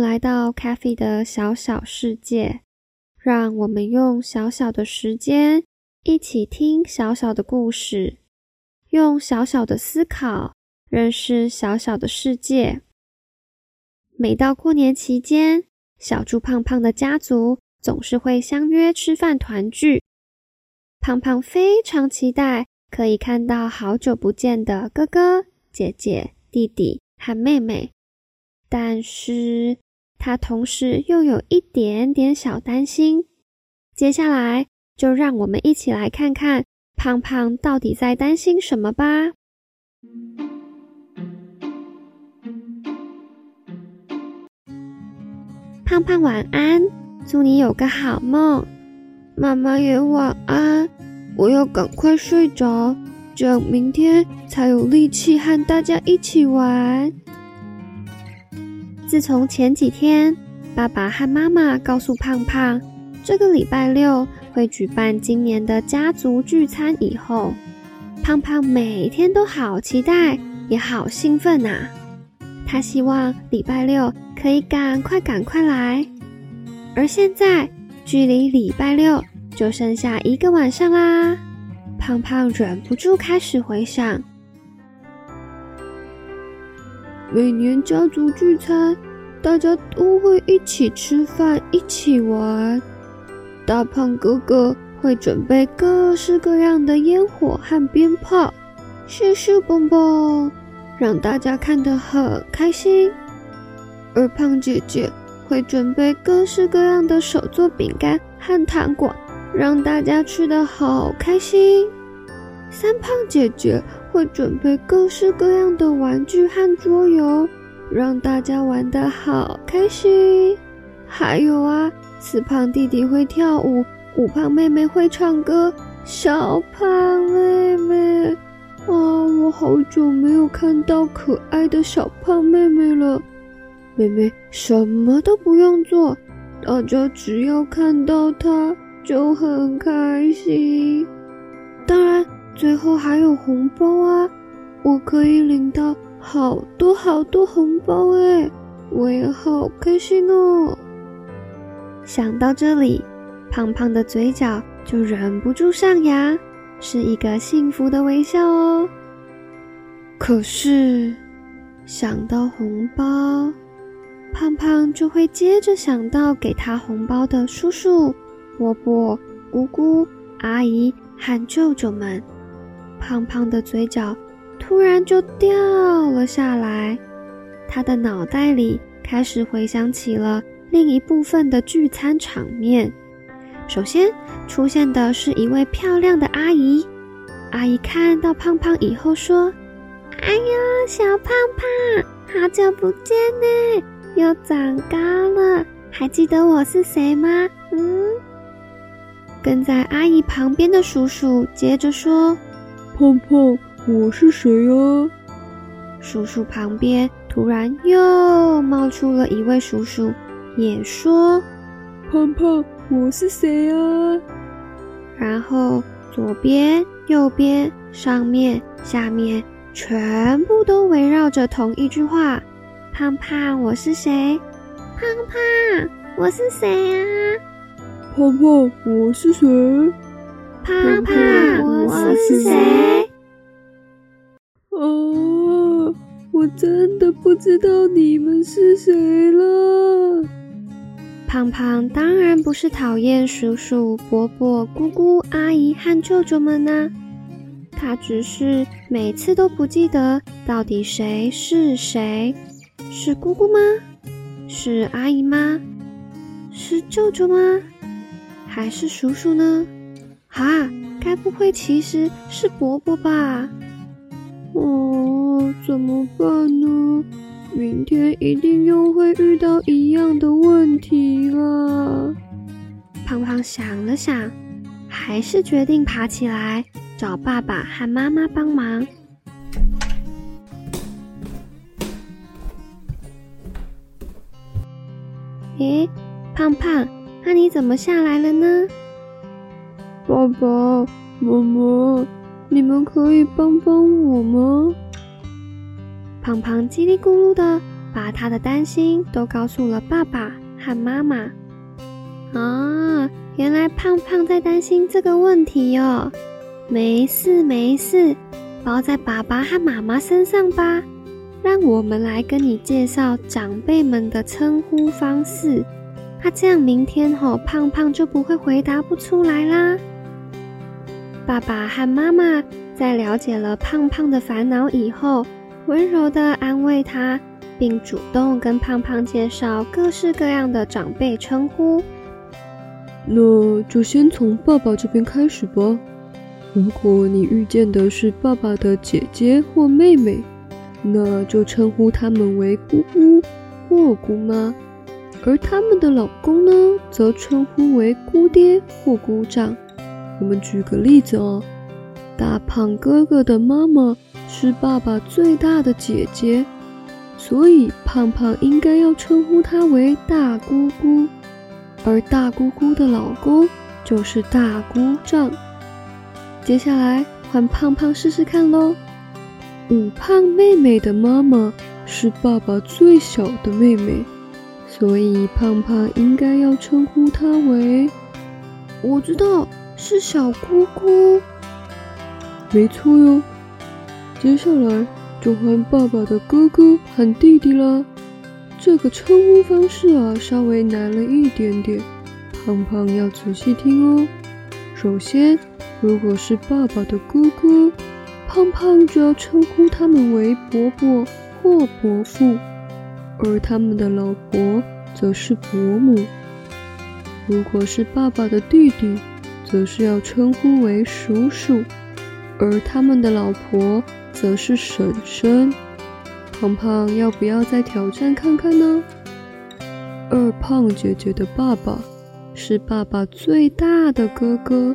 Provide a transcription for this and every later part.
來到咖啡的小小世界，讓我們用小小的時間一起聽小小的故事，用小小的思考認識小小的世界。每到過年期間，小豬胖胖的家族總是會相約吃飯團聚。胖胖非常期待可以看到好久不見的哥哥、姐姐、弟弟和妹妹，但是，他同時又有一點點小擔心，接下來就讓我們一起來看看胖胖到底在擔心什麼吧。胖胖晚安，祝你有個好夢。媽媽也晚安，我要趕快睡着，這樣明天才有力氣和大家一起玩。自從前幾天，爸爸和媽媽告訴胖胖，這個禮拜六會舉辦今年的家族聚餐以後，胖胖每天都好期待，也好興奮吶、啊。他希望禮拜六可以趕快趕快來。而現在距離禮拜六就剩下一個晚上啦，胖胖忍不住開始回想。每年家族聚餐，大家都會一起吃飯、一起玩。大胖哥哥會準備各式各樣的煙火和鞭炮，咻咻蹦蹦，讓大家看得很開心。二胖姐姐會準備各式各樣的手做餅乾和糖果，讓大家吃得好開心。三胖姐姐。會準備各式各樣的玩具和桌遊，讓大家玩得好開心。還有啊，四胖弟弟會跳舞，五胖妹妹會唱歌，小胖妹妹。啊，我好久沒有看到可愛的小胖妹妹了。妹妹什麼都不用做，大家只要看到她就很開心。當然。最後還有紅包啊！我可以領到好多好多紅包欸，我也好開心哦。想到這裡，胖胖的嘴角就忍不住上揚，是一個幸福的微笑哦。可是，想到紅包，胖胖就會接着想到給他紅包的叔叔、伯伯、姑姑、阿姨和舅舅們。胖胖的嘴角突然就掉了下來，他的腦袋裡開始回想起了另一部分的聚餐場面。首先出現的是一位漂亮的阿姨，阿姨看到胖胖以後說：“哎喲，小胖胖，好久不見呢，又長高了，還記得我是誰嗎？”嗯。跟在阿姨旁邊的叔叔接着說。胖胖，我是誰呀？叔叔旁邊突然又冒出了一位叔叔，也說：“胖胖，我是誰呀？”然後左邊、右邊、上面、下面，全部都圍繞着同一句話：“胖胖，我是誰？胖胖，我是誰呀？胖胖，我是誰？胖胖，我是誰？”我真的不知道你們是誰了。胖胖當然不是討厭叔叔、伯伯、姑姑、阿姨和舅舅們啦、啊，他只是每次都不記得到底誰是誰。是姑姑嗎？是阿姨嗎？是舅舅嗎？還是叔叔呢？哈，該不會其實是伯伯吧？哦，怎麼辦呢？明天一定又會遇到一樣的問題啦。胖胖想了想，還是決定爬起來找爸爸和媽媽幫忙。誒、欸，胖胖，那你怎麼下來了呢？爸爸，媽媽。你們可以幫幫我嗎？胖胖嘰里咕嚕的把他的擔心都告訴了爸爸和媽媽。啊，原來胖胖在擔心這個問題哦。沒事沒事，包在爸爸和媽媽身上吧。讓我們來跟你介紹長輩們的稱呼方式，那這樣明天哦，胖胖就不會回答不出來啦。爸爸和媽媽在了解了胖胖的煩惱以後，溫柔地安慰他，並主動跟胖胖介紹各式各樣的長輩稱呼。那就先從爸爸這邊開始吧。如果你遇見的是爸爸的姐姐或妹妹，那就稱呼他們為姑姑或姑媽，而他們的老公呢，則稱呼為姑爹或姑丈。我們舉個例子哦，大胖哥哥的媽媽是爸爸最大的姐姐，所以胖胖應該要稱呼她為大姑姑，而大姑姑的老公就是大姑丈。接下來換胖胖試試看嘍。五胖妹妹的媽媽是爸爸最小的妹妹，所以胖胖應該要稱呼她為……我知道。是小姑姑，沒錯喲。接下來就換爸爸的哥哥和弟弟了。這個稱呼方式啊，稍微難了一點點。胖胖要仔細聽哦。首先，如果是爸爸的哥哥，胖胖就要稱呼他們為伯伯或伯父，而他們的老婆則是伯母。如果是爸爸的弟弟，則是要稱呼為叔叔，而他們的老婆則是嬸嬸。胖胖要不要再挑戰看看呢？二胖姐姐的爸爸是爸爸最大的哥哥，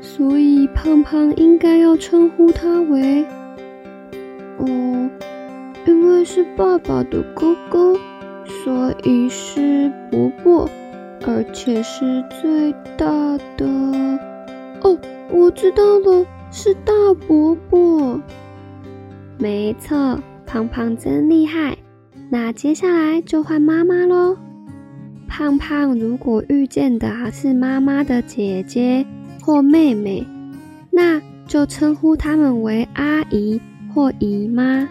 所以胖胖應該要稱呼他為……哦、嗯，因為是爸爸的哥哥，所以是伯伯。而且是最大的哦！我知道了，是大伯伯。沒錯，胖胖真厲害。那接下來就換媽媽嘍。胖胖如果遇見的是媽媽的姐姐或妹妹，那就稱呼他們為阿姨或姨媽；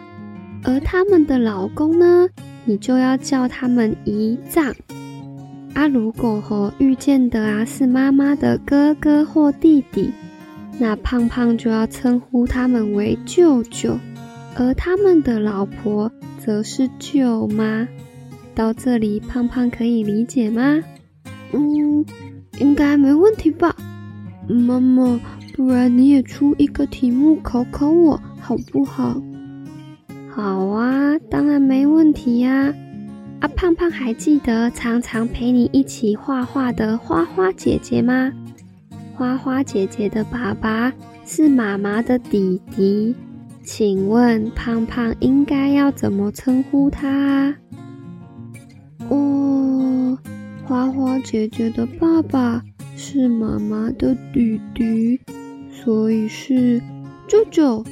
而他們的老公呢，你就要叫他們姨丈。啊，如果和、哦、遇見的啊是媽媽的哥哥或弟弟，那胖胖就要稱呼他們為舅舅，而他們的老婆則是舅媽。到這裡，胖胖可以理解嗎？嗯，應該沒問題吧。媽媽，不然你也出一個題目考考我，好不好？好啊，當然沒問題呀、啊。啊，胖胖還記得常常陪你一起畫畫的花花姐姐嗎？花花姐姐的爸爸是媽媽的弟弟，請問胖胖應該要怎麼稱呼他？哦，花花姐姐的爸爸是媽媽的弟弟，所以是舅舅。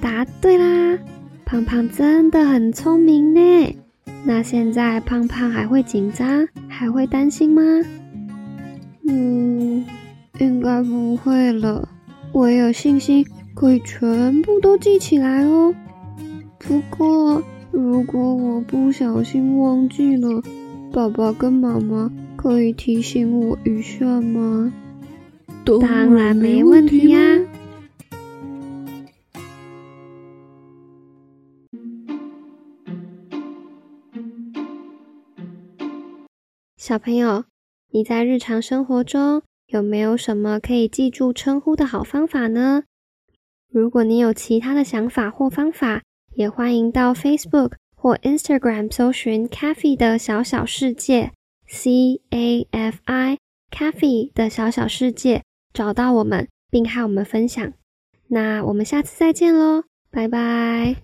答對啦，胖胖真的很聰明呢。那現在胖胖還會緊張，還會擔心嗎？嗯，應該不會了。我有信心可以全部都記起來哦。不過如果我不小心忘記了，爸爸跟媽媽可以提醒我一下嗎？當然沒問題呀、啊。小朋友，你在日常生活中有沒有什麼可以記住稱呼的好方法呢？如果你有其他的想法或方法，也歡迎到 Facebook 或 Instagram 搜尋 Cafi 的小小世界 C A F I Cafi 的小小世界，找到我們，並和我們分享。那我們下次再見嘍，拜拜。